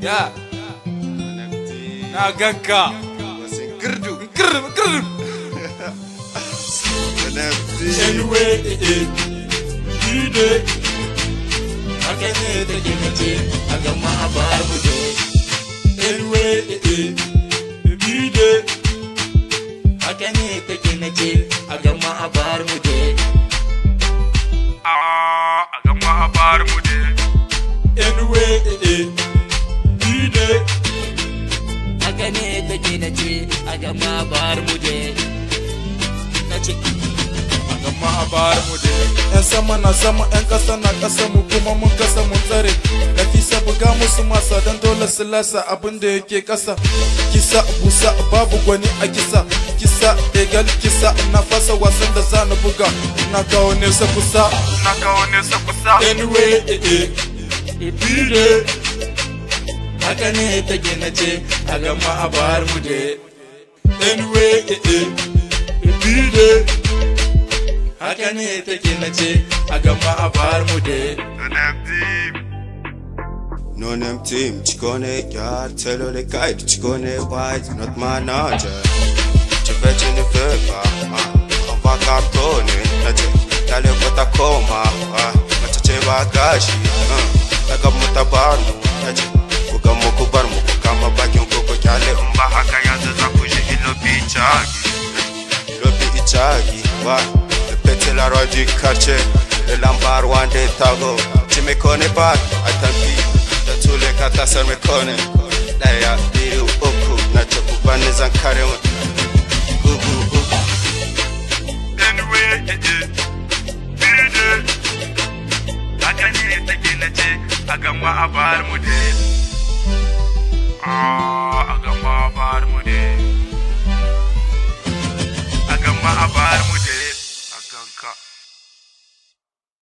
Ya. Nagaka. Nah, Gerdu. Ger, ger. Chenwe e eh, dude. Eh. Akene te eh, kimete agama ababu de. Chenwe e dude. Akene te kimete haka ne ke na ce a gama bar mu je na ce a gama bar mu je yan sama na sama yan kasa na kasa mu kuma mun kasa mun tsare sa buga musu masa don dole su lasa abin da yake kasa kisa busa babu gwani a kisa kisa egal kisa na fasa wasan da zan buga na kawo sa kusa na kawo sa kusa anyway eh eh hakane ta gina ce a gama a bar mu je anyway eh eh dj haka hakane ta gina ce a gama a bar mu je No name team, chikone yard, tell the guide, chikone white, not my manager. Chivete ni pepa, avaka prone, naje, dale kota koma, machache bagashi, daga mutabanu, naje, 갑자기 와 백배틀 알지 카체 람바르 완데 타고 치메 코네 바 아탄피 다툴레 카타서 메 코네 나야 디우 오쿠 나 초쿠 반네 잔카레 우구 우구 Anyway, it is. Haka ne take na ce a gama a bar mu dai. Ah, a gama a bar